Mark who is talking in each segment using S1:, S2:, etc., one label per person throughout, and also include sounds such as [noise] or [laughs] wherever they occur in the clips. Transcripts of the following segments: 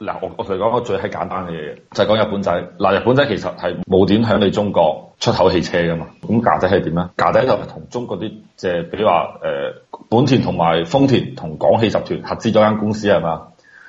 S1: 嗱，我我就講個最係簡單嘅嘢，就係講日本仔。嗱，日本仔其實係冇點響你中國出口汽車噶嘛。咁架仔係點咧？架仔就同中國啲即係，比如話誒、呃，本田同埋豐田同廣汽集團合資咗間公司係嘛？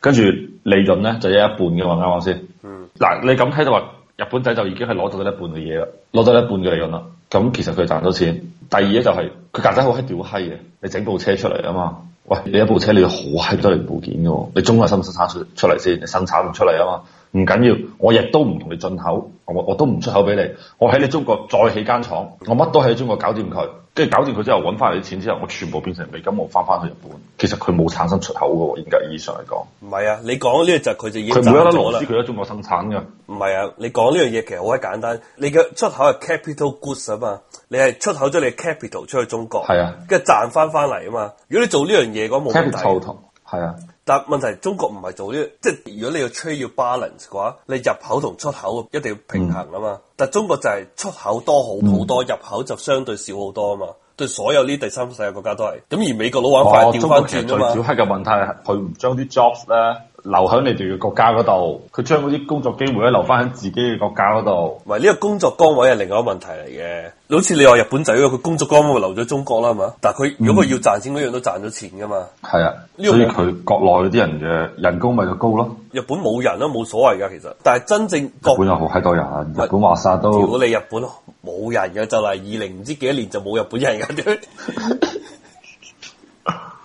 S1: 跟住利潤咧就有一半嘅嘛啱啱先？嗯。嗱，你咁睇到話日本仔就已經係攞到咗一半嘅嘢啦，攞到一半嘅利潤啦。咁其實佢賺到錢。第二咧就係佢架仔好閪屌閪嘅，你整部車出嚟啊嘛。喂，你一部車你要好閪多零部件嘅，你中國使唔使生產出嚟先？你生產唔出嚟啊嘛？唔緊要，我亦都唔同你進口，我我都唔出口俾你。我喺你中國再起間廠，我乜都喺中國搞掂佢，跟住搞掂佢之後揾翻嚟啲錢之後，我全部變成美金，我翻返去日本。其實佢冇產生出口嘅喎，嚴格意義上嚟
S2: 講。唔係啊，你講呢個就佢就已經賺咗啦。佢每一粒螺絲佢喺中國生產嘅。唔係啊，你講呢樣嘢其實好簡單。你嘅出口係 capital goods 啊嘛，你係出口咗你嘅 capital 出去中國。係啊，跟住賺翻翻嚟啊嘛。如果你做呢樣嘢嘅話冇問
S1: 題。係啊。
S2: 但問題，中國唔係做啲、這個、即係如果你 tr 要 trade 要 balance 嘅話，你入口同出口一定要平衡啊嘛。嗯、但中國就係出口多好好多，嗯、入口就相對少好多啊嘛。對所有呢第三世界國家都係。咁而美國佬玩快掉翻轉啊，中國其實最
S1: 小黑嘅問題係佢唔將啲 jobs 咧、哦。留喺你哋嘅國家嗰度，佢將嗰啲工作機會咧留翻喺自己嘅國家嗰
S2: 度。唔係呢個工作崗位，係另外一個問題嚟嘅。好似你話日本仔，佢工作崗位留咗中國啦，係、嗯、嘛？但係佢如果佢要賺錢嗰樣都賺咗錢噶嘛。
S1: 係啊，所以佢國內啲人嘅人工咪就高咯。
S2: 日本冇人咯、啊，冇所謂㗎，其實。但係真正日本又好閪多人，日本話晒是都如果你日本冇人嘅，就係二零唔知幾多年就冇日本人㗎添。 [laughs]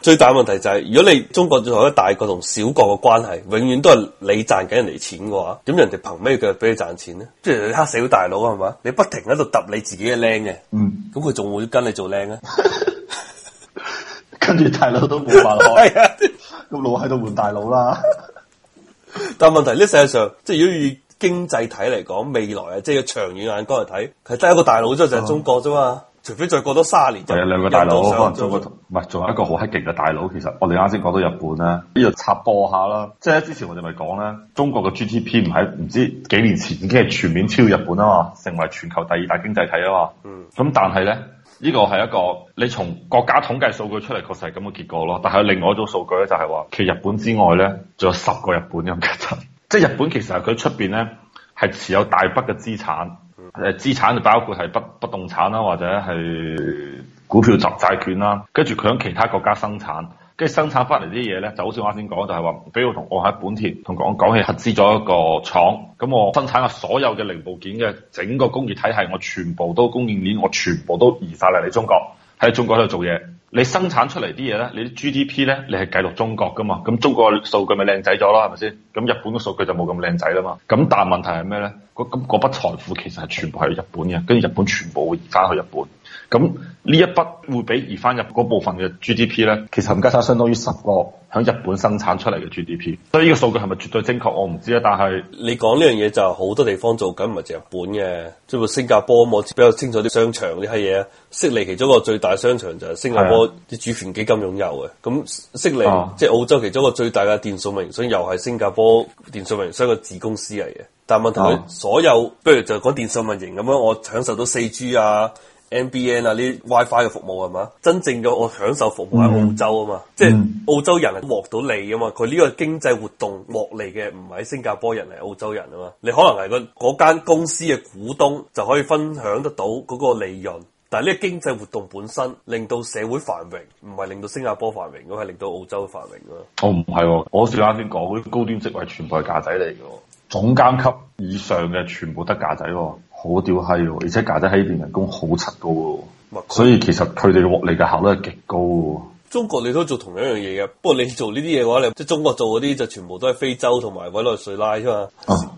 S2: 最大問題就係、是，如果你中國作為大國同小國嘅關係，永遠都係你賺緊人哋錢嘅話，點人哋憑咩腳俾你賺錢咧？即係你黑死咗大佬係嘛？你不停喺度揼你自己嘅靚嘅，咁佢仲會跟你做靚咧？嗯、 [laughs] 跟住大佬都冇辦法，咁老喺度換大佬啦。但係問題呢？實際上，即係如果以經濟體嚟講，未來啊，即係長遠眼光嚟睇，係得一個大佬啫，就係中國啫嘛。嗯嗯。除非再過多三年，仲有兩個大佬， [noise] 可能
S1: 做個唔係，仲有一個好閪勁嘅大佬。其實我哋啱先講到日本咧，呢度插播下啦。即係之前我哋咪講咧，中國嘅 GDP 唔係唔知幾年前已經係全面超日本啊嘛，成為全球第二大經濟體啊嘛。嗯。咁但係咧，呢個係一個你從國家統計數據出嚟，確實係咁嘅結果咯。但係另外一種數據咧，就係話，其實日本之外咧，仲有十個日本咁嘅質，即係日本其實佢出邊咧係持有大筆嘅資產。誒資產就包括係不不動產啦，或者係股票債、集債券啦。跟住佢喺其他國家生產，跟住生產翻嚟啲嘢咧，就好似我啱先講，就係話，比如同我喺本田同講講起，合資咗一個廠，咁我生產嘅所有嘅零部件嘅整個工業體系，我全部都供應鏈，我全部都移晒嚟你中國，喺中國喺度做嘢。你生產出嚟啲嘢咧，你啲 GDP 咧，你係記錄中國㗎嘛？咁中國嘅數據咪靚仔咗咯，係咪先？咁日本嘅數據就冇咁靚仔啦嘛。咁但問題係咩咧？嗰咁嗰筆財富其實係全部係日本嘅，跟住日本全部會翻去日本。咁呢一筆會俾移翻入嗰部分嘅 G D P 咧，其實唔加差，相當於十個喺日本生產出嚟嘅 G D P，所以呢個數據係咪絕對正確，我唔
S2: 知呀。但係你講呢樣嘢就好多地方做緊，唔係淨日本嘅，即係新加坡我比較清楚啲商場啲閪嘢。悉尼其中一個最大商場就係新加坡啲主權基金擁有嘅。咁悉尼即係澳洲其中一個最大嘅電信運營商，所以又係新加坡電信運營商嘅子公司嚟嘅。但問題所有不，哦，如就講電信運營咁樣，我享受到四 G 啊。NBN 啊，呢啲 WiFi 嘅服務係嘛？真正嘅我享受服務喺澳洲啊嘛，嗯、即係澳洲人係獲到利啊嘛。佢呢、嗯、個經濟活動獲利嘅唔係喺新加坡人嚟，澳洲人啊嘛。你可能係個嗰間公司嘅股東就可以分享得到嗰個利潤，但係呢經濟活動本身令到社會繁榮，唔係令到新加坡繁榮，咁係令到澳洲繁榮啊、
S1: 哦哦。我唔係，我啱先講啲高端職位全部係嫁仔嚟嘅，總監級以上嘅全部得嫁仔。好屌閪，而且搞得喺呢邊人工好柒噶，所以其實佢哋嘅獲
S2: 利嘅效率係極高。中國你都做同樣一樣嘢嘅，不過你做呢啲嘢嘅話，你即係中國做嗰啲就全部都係非洲同埋委內瑞拉啫嘛。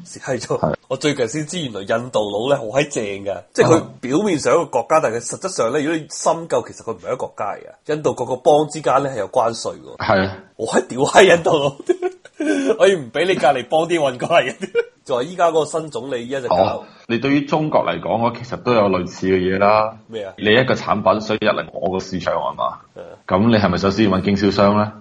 S2: 係係，我最近先知原來印度佬咧好閪正噶，即係佢表面上一個國家，但係佢實質上咧，如果你深究，其實佢唔係一個國家嚟嘅。印度各個邦之間咧係有關稅噶。係，我喺屌閪印度佬，我要唔俾你隔籬邦啲運過嚟。就依家嗰個新總理一直講，
S1: 哦，你對於中國嚟講，我其實都有類似嘅嘢啦。咩啊麼？你一個產品想入嚟我個市場係嘛？咁、嗯、你係咪首先要揾經銷商咧？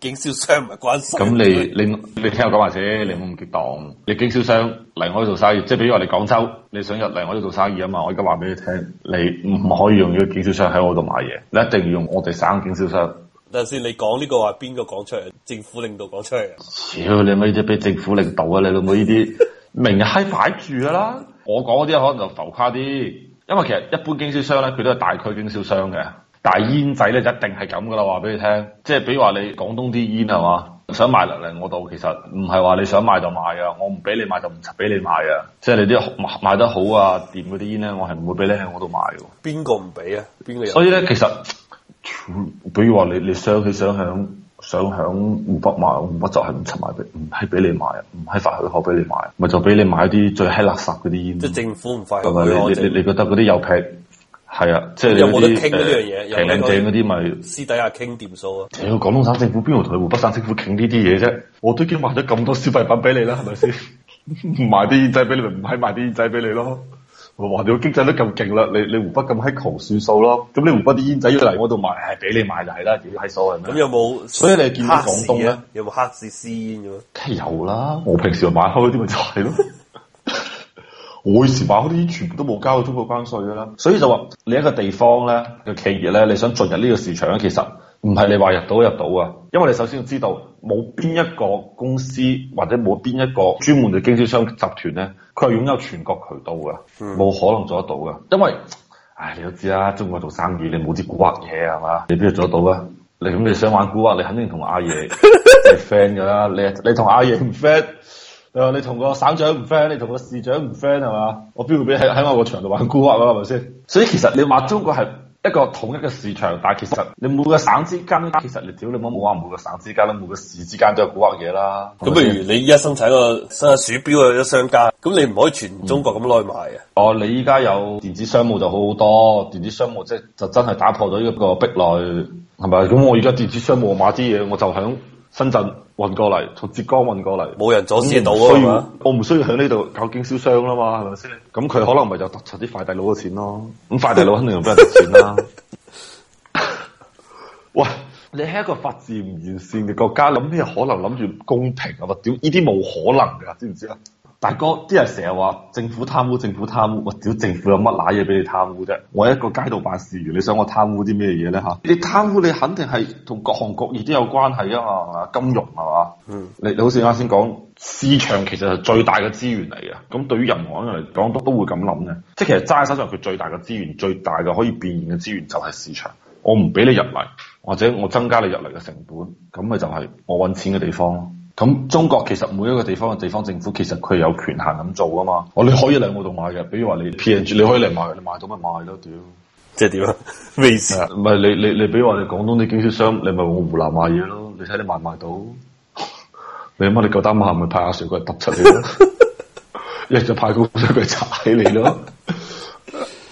S2: 經銷商唔係關心。咁你
S1: 你你，你聽我講話啫，你冇咁激動。你經銷商嚟我呢度生意，即係比如話你廣州，你想入嚟我呢度做生意啊嘛？我而家話俾你聽，你唔可以用呢個經銷商喺我度買嘢，你一定要用我哋省經銷商。
S2: 但先你講呢個話邊個講出嚟？政府領導講出嚟啊？
S1: 屌你老母！俾政府領導啊！你老母依啲。 [laughs] 明日係擺住噶啦！我講嗰啲可能就浮誇啲，因為其實一般經銷商咧，佢都係大區經銷商嘅。但係煙仔咧，就一定係咁噶啦！話俾你聽，即係比如話你廣東啲煙係嘛，想買落嚟我度，其實唔係話你想買就買啊，我唔俾你買就唔俾你買啊！即係你啲賣得好啊，掂嗰啲煙咧，我係唔會俾你喺我度買喎。邊個唔俾啊？邊個人？所以咧，其實，比如話你你想佢想響。想喺湖北買，湖北就係唔出賣，唔閪俾你買，唔閪發許口俾你買，咪就俾你買啲最閪垃圾嗰啲煙。即係
S2: 政府唔發許。咁你你快你覺得嗰啲有
S1: 平？係邊啊，即係有啲誒平靚正嗰啲咪
S2: 私底下傾掂數啊！屌，
S1: 廣東省政府邊度同湖北省政府傾呢啲嘢啫？我都已經買咗咁多消費品俾你啦，係咪先？唔買啲煙仔俾你咪唔閪買啲煙仔俾你咯。我話你個經濟都咁勁啦，你你湖北咁喺窮算數咯？咁你湖北啲煙仔要嚟我度賣，係俾你賣
S2: 就係啦，點喺數啊？咁、嗯、有冇？所以你見到廣東咧，有冇黑市私
S1: 煙嘅？梗係有啦，我平時買開啲咪就係咯。 [laughs] [laughs] 我以前買開啲煙全部都冇交過中國關稅噶啦，所以就話你一個地方咧嘅企業咧，你想進入呢個市場咧，其實。唔係你話入到入到啊，因為你首先要知道，冇邊一個公司或者冇邊一個專門嘅經銷商集團咧，佢係擁有全國渠道噶，冇、嗯、可能做得到噶。因為，唉，你都知啦，中國做生意你冇啲古惑嘢係嘛，你邊度做得到啊？你咁你想玩古惑，你肯定同阿爺係 friend 噶啦。你你同阿爺唔 friend，誒你同個省長唔 friend，你同個市長唔 friend 係嘛？我邊會俾喺喺我個場度玩古惑啊？係咪先？所以其實你話中國係。一個統一嘅市場，但係其實你每個
S2: 省之間，其實你屌你冇冇話每個省
S1: 之間啦，每個市之間都有古惑嘢
S2: 啦。咁，譬如你依家生產個，新產鼠標嘅商家，咁你唔可以全中國咁內賣
S1: 啊。哦、嗯，你依家有電子商務就好好多，電子商務即係就真係打破咗呢個壁壘，係咪？咁我而家電子商務我買啲嘢，我就響。深圳運過嚟，從浙江運過嚟，冇人阻止到啊，所以我唔需要喺呢度搞經銷商啦嘛，係咪先？咁佢可能咪就突出啲快遞佬嘅錢咯。咁快遞佬肯定又畀人罰錢啦。喂， [laughs] [laughs] 你係一個法治唔完善嘅國家，諗咩可能諗住公平啊？嘛，屌呢啲冇可能噶，知唔知啦？大哥，啲人成日話政府貪污，政府貪污，我屌政府有乜乸嘢俾你貪污啫？我一個街道辦事員，你想我貪污啲咩嘢咧？嚇，你貪污你肯定係同各行各業都有關係啊嘛、啊，金融係嘛？嗯，你你好似啱先講市場其實係最大嘅資源嚟嘅，咁對於任何人嚟講都都會咁諗嘅，即係其實揸喺手上佢最大嘅資源，最大嘅可以變現嘅資源就係市場。我唔俾你入嚟，或者我增加你入嚟嘅成本，咁咪就係我搵錢嘅地方咯。咁中國其實每一個地方嘅地方政府其實佢有權限咁做噶嘛？哦，你可以嚟我度買嘅，比如話你 P&G，你可以嚟買，你買到咪買咯，屌！即係點啊？咩事啊？唔係你你你，你你比如話你廣東啲經銷商，你咪往湖南買嘢咯，你睇你買唔買到？啊、你媽你夠膽唔咪派阿誰佢揼出嚟咯？一就派個阿誰佢踩起你咯？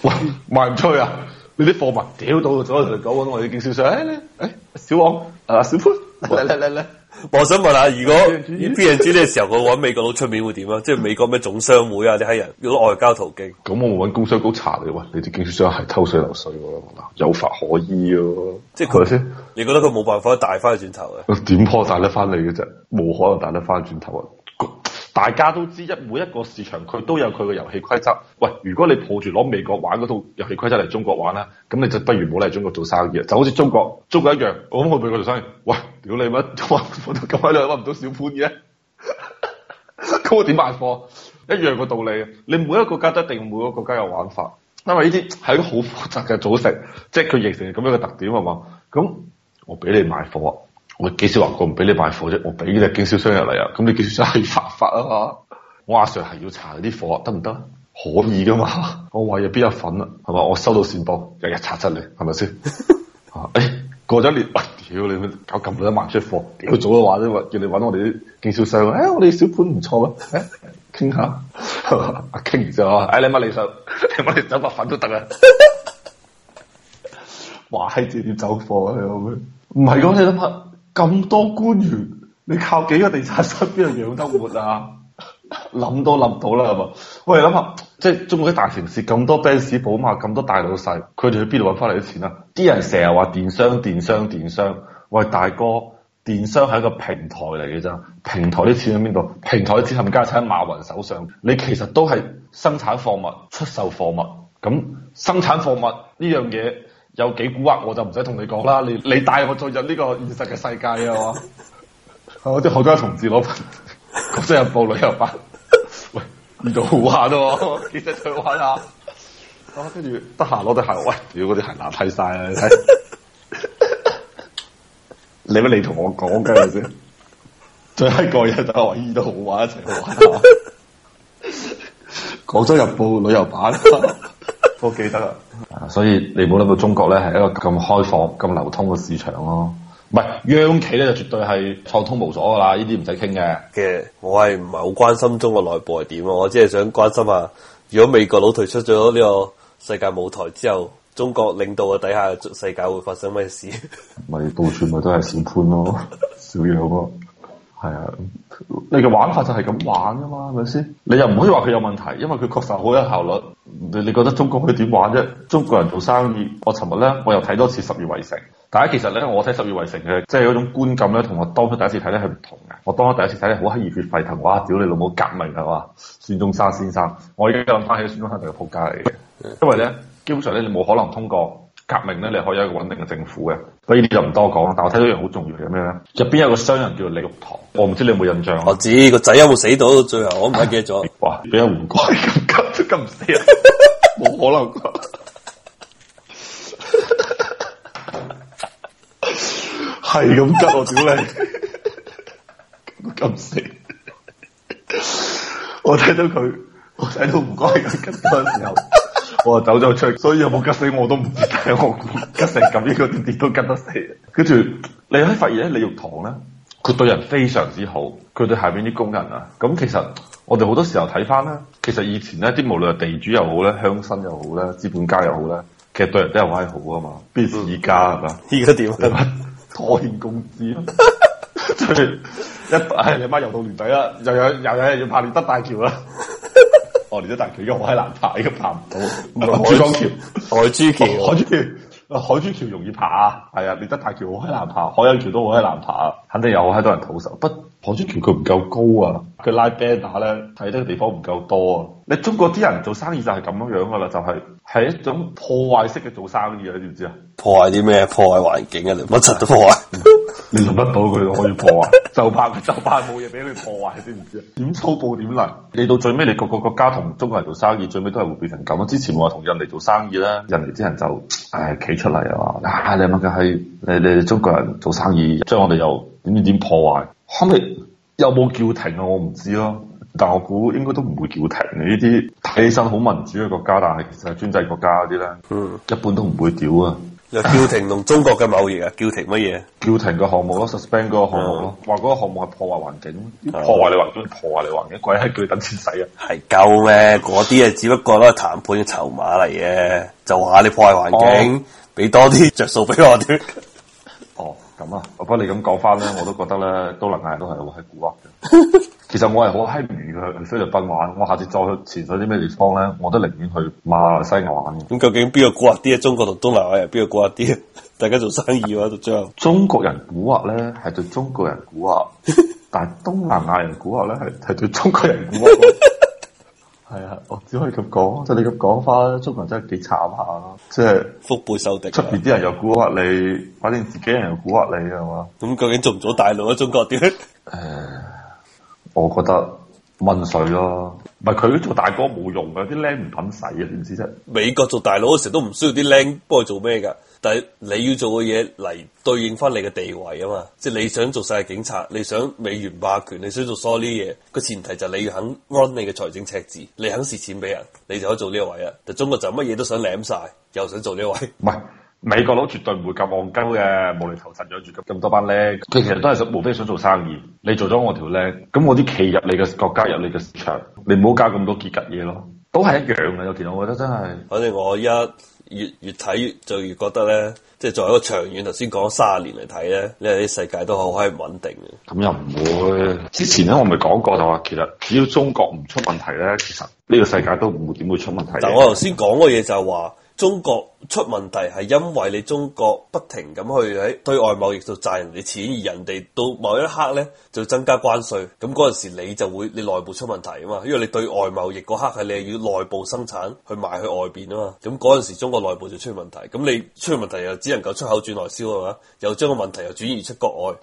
S1: 喂， [laughs] 賣唔出去啊？你啲貨物屌到咗嚟講，我哋經銷商，哎，哎，哎小王，啊、哎，小潘，嚟嚟嚟嚟。哎 [laughs] 我想問下，如果呢邊人知呢個
S2: 時候，我搵 [laughs] 美國佬出面會點啊？即係美國咩總商會啊啲黑人用外交途徑。
S1: 咁我冇搵工商局查你喂，你哋經銷商係偷稅漏稅噶，有法可依咯。即係佢，先吧你覺得佢冇辦法帶翻去轉頭嘅？點可 [laughs] 帶得翻嚟嘅啫？冇可能帶得翻轉頭。大家都知一每一個市場佢都有佢嘅遊戲規則。喂，如果你抱住攞美國玩嗰套遊戲規則嚟中國玩啦，咁你就不如冇嚟中國做生意。就好似中國，中國一樣，我冇俾我做生意。喂，屌你乜？我我都咁閪耐揾唔到小潘嘅，咁 [laughs] 我點賣貨？一樣個道理。你每一個國家都一定每一個國家有玩法，因為呢啲係一個好複雜嘅組成，即係佢形成咁樣嘅特點係嘛？咁我俾你賣貨。我幾時話過唔俾你買貨啫？我俾呢嘅經銷商入嚟啊，咁你經銷商係發發啊 Sir，行行嘛？我阿 Sir 係要查嗰啲貨得唔得？可以噶嘛？我話嘢邊有份啊？係嘛？我收到線報，日日查出嚟，係咪先？誒、 [laughs] 哎，過咗年，屌、哎、你搞！搞咁多萬出貨，屌早嘅話都叫你揾我哋啲經銷商。誒、哎，我哋小盤唔錯、哎、 [laughs] 啊，傾下。傾完之後，誒，你乜嚟想？你乜嚟走白粉都得啊？ [laughs] 哇，係直接走貨啊！咁樣唔係講你諗下。咁多官員，你靠幾個地產商邊度養得活啊？諗 [laughs] 都諗到啦，係嘛？喂，我哋諗下，即係中國啲大城市咁多奔馳、寶馬，咁多大老細，佢哋去邊度揾翻嚟啲錢啊？啲人成日話電商、電商、電商，喂，大哥，電商係一個平台嚟嘅咋。平台啲錢喺邊度？平台啲錢冚家產喺馬雲手上，你其實都係生產貨物、出售貨物，咁生產貨物呢樣嘢。有幾蠱惑我就唔使同你講啦，你你帶我進入呢個現實嘅世界啊！我即好多同志攞份《廣州 [music] [music] 日報》旅遊版，喂，幾多好玩，玩啊！其實最玩啊，跟住得閒攞對鞋，喂，屌嗰啲鞋爛睇晒啊，你乜 [laughs] 你同我講嘅係先，最後一個嘢就係話幾多好玩一齊玩，玩，廣州 [music] [music] 日報旅遊版呵呵，我記得啦。所以你冇諗到中國咧係一個咁開放、咁流通嘅市場咯，
S2: 啊，唔係央企咧就絕對係暢通無阻噶啦，呢啲唔使傾嘅。嘅我係唔係好關心中國內部係點啊？我只係想關心啊。如果美國佬退出咗呢個世界舞台之後，中國領導嘅底下，世界會發生咩事？
S1: 咪 [laughs] 到處咪都係小潘咯，小楊咯。係啊，你嘅玩法就係咁玩噶嘛，係咪先？你又唔可以話佢有問題，因為佢確實好有效率。你你覺得中國可以點玩啫？中國人做生意，我尋日呢，我又睇多次《十二圍城》，但係其實呢，我睇《十月圍城》嘅，即係嗰種觀感呢，同我當初第一次睇呢係唔同嘅。我當初第一次睇呢，好黑熱血沸騰，哇！屌你老母革命係嘛？孫中山先生，我已經諗返起孫中山就係仆街嚟嘅，因為呢，基本上咧你冇可能通過。革命咧，你可以有一個穩定嘅政府嘅，所以呢就唔多講。但我睇到一樣好重要嘅咩咧？入邊有個商人叫李玉堂，我唔知你有冇
S2: 印象。我知個仔有冇死到最後，我唔係記咗。哇！俾人唔該咁急，都急
S1: 唔死啊！冇可能，係咁急我屌你！咁急死！我睇到佢，我睇到唔該咁急時候。我走咗出去，所以有冇吉死我都唔知。我吉成咁呢個點點都吉得死。跟住，你可以發現咧，李玉堂咧，佢對人非常之好，佢對下邊啲工人啊，咁其實我哋好多時候睇翻啦。其實以前咧，啲無論係地主又好啦，鄉紳又好啦，資本家又好啦，其實對人都係好啊嘛。譬如依家係嘛？依家點？ [laughs] 拖欠工資，跟住 [laughs] [laughs] 一哎你媽又到年底啦，又有又有人要拍獵德大橋啦。我連得大橋又好閪難爬，依家爬唔到。
S2: 海珠橋，海珠
S1: 橋，海珠橋，海珠橋容易爬啊！係啊，連得大橋好閪難爬，海珠橋都好閪難爬，肯定有好閪多人討食。不，海珠橋佢唔夠高啊，佢拉 band 打咧，睇得嘅地方唔夠多啊。你中國啲人做生意就係咁樣樣噶啦，就係、係、係一種破壞式嘅做生意啊，你知唔知啊？
S2: 破壞啲咩？破壞環境啊，你乜柒都破壞。 [laughs] [laughs] 你做唔到佢可以破壞
S1: [laughs] 就怕就怕冇嘢俾佢破壞，知唔知啊？點粗暴點嚟？嚟到最尾，你各個國家同中國人做生意，最尾都係會變成咁咯。之前話同印尼做生意啦，印尼啲人就誒企出嚟啊！你乜嘅係你你哋中國人做生意，將我哋又點點點破壞？後尾有冇叫停啊？我唔知咯。但我估應該都唔會叫停。呢啲睇起身好民主嘅國家，但係其實係專制國家嗰啲咧，嗯，一般都唔會屌啊。叫停同中
S2: 國嘅貿易啊！叫停乜嘢？
S1: 叫停、嗯、個項
S2: 目咯，suspend 嗰個項目咯，話嗰個項目係破壞環境，破壞你環，破壞你環境，鬼係、啊、佢等錢使啊！係鳩咩？嗰啲啊，只不過都係談判嘅籌碼嚟嘅，就話你破壞環境，俾多啲着數俾我哋。哦，咁啊，哦、我不過你咁講翻咧，我都覺得咧，都能係都係喎，係蠱惑嘅。
S1: [laughs] 其實我係好閪唔願意去菲律賓玩，我下次再去潛水啲咩地方咧，我都寧
S2: 願去馬來西亞玩。咁、嗯、究竟邊個蠱惑啲？中國同東南亞人邊個蠱惑啲？大家做生意話到最後，中國人蠱惑咧係對中國人蠱惑， [laughs] 但係東
S1: 南亞人蠱惑咧係係對中國人蠱惑。係 [laughs] 啊，我只可以咁講，
S2: 就你咁講翻，中國人真係幾慘下，即、就、係、是、腹背受敵。出邊啲人又蠱惑你，反正自己人又蠱惑你係嘛？咁、嗯、究竟做唔做大陸啊？中國啲？誒。 [laughs] [laughs] 我
S1: 覺得溫水咯，唔係佢做大哥冇用噶，啲僆唔肯使啊，點知啫？
S2: 美國做大佬嘅時候都唔需要啲僆幫佢做咩噶，但係你要做嘅嘢嚟對應翻你嘅地位啊嘛，即係你想做晒警察，你想美元霸權，你想做 so 呢嘢，個前提就係你要肯 run 你嘅財政赤字，你肯蝕錢俾人，你就可以做呢位啦。但中國就乜嘢都想舐晒，又想做呢位，唔係。美國佬絕對唔會咁憨
S1: 鳩嘅，無厘頭神咗住咁咁多班僆，佢其實都係想，無非想做生意。你做咗我條僆，咁我啲企入你嘅國家，入你嘅市場，你唔好搞咁多結吉嘢咯。都係一樣嘅，有啲我覺得真係。
S2: 反正我一越越睇就越，越覺得咧，即係作為一個長遠頭先講三十年嚟，睇咧，你係啲世界都好可以唔穩定嘅。
S1: 咁又唔會？之前咧我咪講過就話，其實只要中國唔出問題咧，其實呢個世界都唔會點會出問
S2: 題。 [laughs] 但我頭先講嘅嘢，就係話。中國出問題係因為你中國不停咁去喺對外貿易度賺人哋錢，而人哋到某一刻呢就增加關稅，咁嗰陣時你就會你內部出問題啊嘛，因為你對外貿易嗰刻係你要內部生產去賣去外邊啊嘛，咁嗰陣時中國內部就出現問題，咁你出現問題又只能夠出口轉內銷啊嘛，又將個問題又轉移出國外。